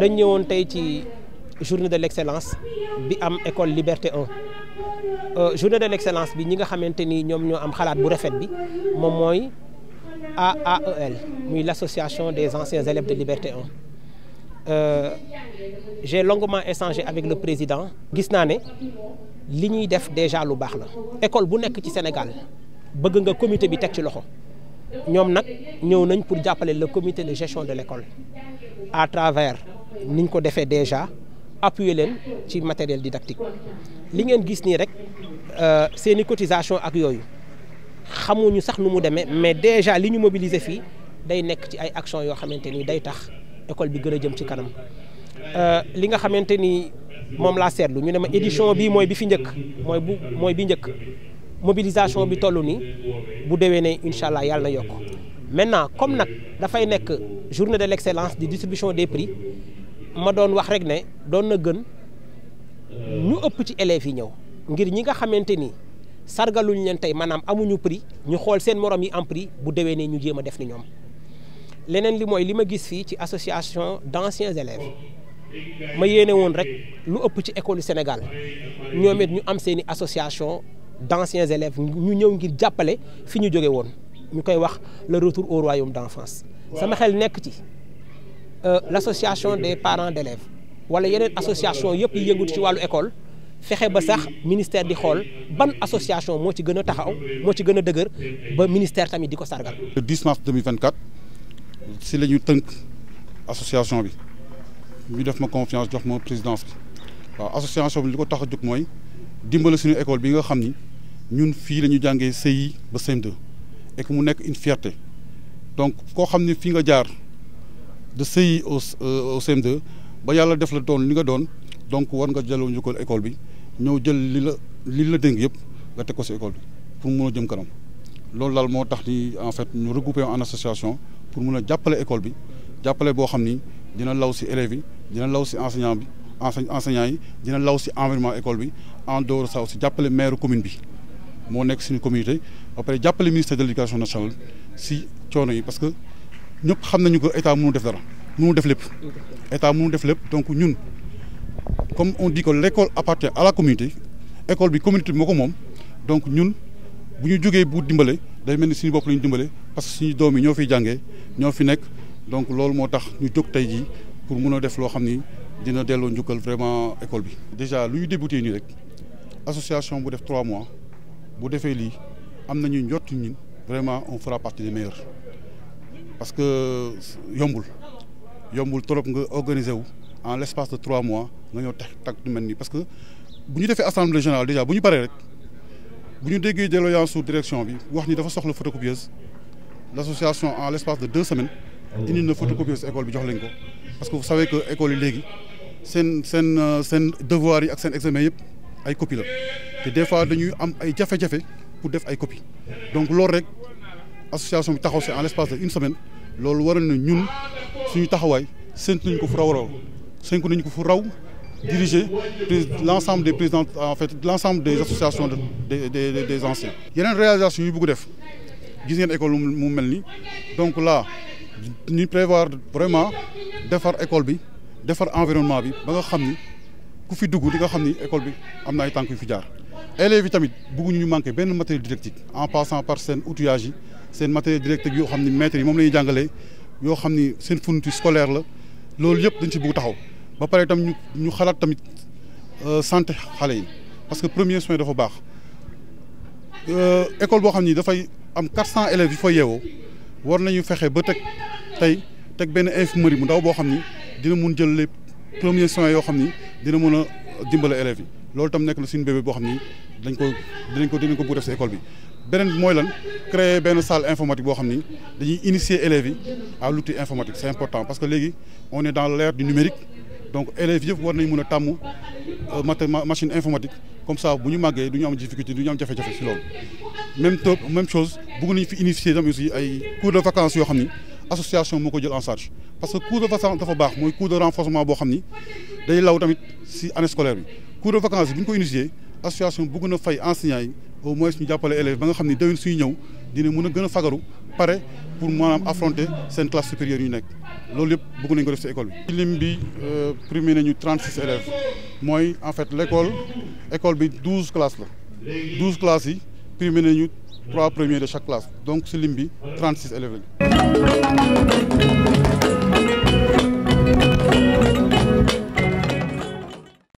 dañ ñëwoon tey ci journée de l' excellence bi am école liberté 1 euh, journée de l' excellence bi ñi nga xamante ni ñoom ñoo am xalaat bu rafet bi moom mooy AAEL muy l' association des anciens élèves de liberté on euh, j'ai longuement échangé avec le président gis naa ne li ñuy def déjà lu baax la école bu nekk ci Sénégal bëgg nga comité bi teg ci loxo ñoom nag ñëw nañ pour jàppale le comité de gestion de lécole à travers niñ ko defee déjà appuyer leen ci matériel didactique li ngeen gis nii rek euh, seeni cotisation ak yooyu xamuñu sax nu mu demee mais déjà li ñu mobiliser fii day nekk ci ay action yoo xamante ni day tax école bi gën a jëm ci kanam euh, li nga xamante ni moom laa seetlu ñu ne ma édition bii mooy bi fi njëkk mooy bu mooy bi njëkk mobilisation bi toll nii bu ne incha allah yàlla na yokk maintenant comme nag dafay nekk journée de l' excellence di distribution des prix ma doon wax rek ne doon na gën ñu ëpp ci élèves yi ñëw ngir ñi nga xamante ni sargaluñ leen tey maanaam amuñu prix ñu xool seen morom yi am prix bu déwénee ñu jéem a def ni ñoom leneen li mooy li ma gis fii ci association d'anciens élèves ma yéene woon rek lu ëpp ci école Sénégal ñoom it ñu am seen i association d'anciens élèves ñu ñëw ngir jàppale fi ñu jóge woon ñu koy wax le retour au royaume d'enfance sama xel nekk ci Euh, l'association de parents d'élèves wala yeneen association yëpp yi yëngut ci wàllu école fexe ba sax ministère di xool ban association moo ci gën a taxaw moo ci gën a dëgër ba ministère tamit di ko sargal. le 10 mars 2024 si la ñu tënk association bi ñu def ma confiance jox ma présidence bi waaw association bi li ko tax a jóg mooy dimbale suñu école bi nga xam ni ñun fii la ñu jàngee CI ba CM2 mu nekk une donc koo xam ni fii nga jaar. de CI au euh, au cm ba yàlla def la doon li nga doon donc war nga jëloo njukkal école bi ñëw jël li la li la dénk yëpp nga teg ko si école bi pour mun a jëm kanam loolu daal moo tax ni en fait ñu regroupé en association pour mun a jàppale école bi jàppale boo xam ni dina law si élèves yi dina law si enseignant bi enseignants yi dina law si environnement école bi en dehors ça aussi jàppale maire commune bi moo nekk suñu communauté ba pare jàppale ministère de l'éducation nationale ñëpp xam nañu ko état mënu def dara mënu def lépp état mënu def lépp donc ñun comme on dit que l'école appartient à la communauté école bi communité bi moo ko moom donc ñun bu ñu jógee bu dimbale day mel ni suñu bopp la ñu dimbale parce que suñu doom yi ñoo fiy jàngee ñoo fi nekk donc loolu moo tax ñu jóg tey jii pour mun a def loo xam ni dina delloo njukkal vraiment école bi. déjà lu ñu débuté nii rek association bu def trois mois bu defee lii am nañu njott ñun vraiment on fera partie des meilleurs. parce que yombul yombul torop nga organiser wu en l' espace de trois mois nga ñëw tax tak du mel nii parce que bu ñu defee assemblée générale déjà bu ñu paree rek bu ñu déggee déloyance su direction bi wax ni dafa soxla photocopieuse l' association en l' espace de deux semaines indi na photocopieuse école bi jox leen ko parce que vous savez que école yi léegi seen seen euh, seen devoir yi ak seen examen yëpp ay copie la te des fois dañuy am ay jafe-jafe pour def ay copie donc loolu rek association bi taxaw si en l'espace de une semaine loolu waral na ñun suñu taxawaay séntu nañ ko fu raw raw séntu nañ ko fu raw diriger l'ensemble des présidents en fait l'ensemble des associations de des des anciens. yeneen réalisation yu bëgg def gis ngeen école mu mel ni donc la ñu prévoir vraiment defar école bi defar environnement bi ba nga xam ni ku fi dugg di nga xam ni école bi am na ay tànk yu fi jaar élèves yi tamit ñu ñu manqué benn matériel didactique en passant par seen outillage yi. seen matériel directeur yoo xam ni maîtres yi moom la ñuy jàngalee yoo xam ni seen fourniture scolaire la loolu yëpp dañ si bugg taxaw ba pare itam ñu ñu xalaat tamit euh, santé xale yi parce que premier soin dafa baax euh, école boo xam ni dafay am quatre cent élèves yu fa yeewoo war nañu fexe ba teg tey teg benn infirmerie mu ndaw boo xam ni dina mun jël les premiers soins yoo xam ni dina mun a dimbale élèves yi loolu tam nekk na suñu bébé boo xam ni dañ ko dinañ ko dinañ ko bëgg def si bi beneen bi mooy lan créer benn salle informatique boo xam ni dañuy initier élèves yi à l'outil informatique c'est important parce que léegi on est dans l'ère du numérique donc élèves yëpp war nañ mën a tàmm euh, mat machine informatique comme ça bu ñu màggee du ñu am difficulté du ñu am jafe-jafe si loolu même top même chose bëgg nañ fi initier tam aussi ay cours de vacances yoo xam ni association moo ko jël en charge parce que cours de vacances dafa baax mooy cours boo xam ni day law tamit si année scolaire bi cours de vacances bi ñu ko initier association bëgg na fay enseignants yi au moins ñu jàppale élèves ba nga xam ne déwén suy ñëw dina mën a gën a fagaru pare pour maanaam affronter seen classe supérieure yu nekk loolu yëpp bëgg nañ ko def si école bi. lim bi euh, primé nañu 36 élèves mooy en fait l' école bi 12 classes la 12 classes yi primé nañu trois premiers de chaque classe donc si lim bi 36 élèves lañu.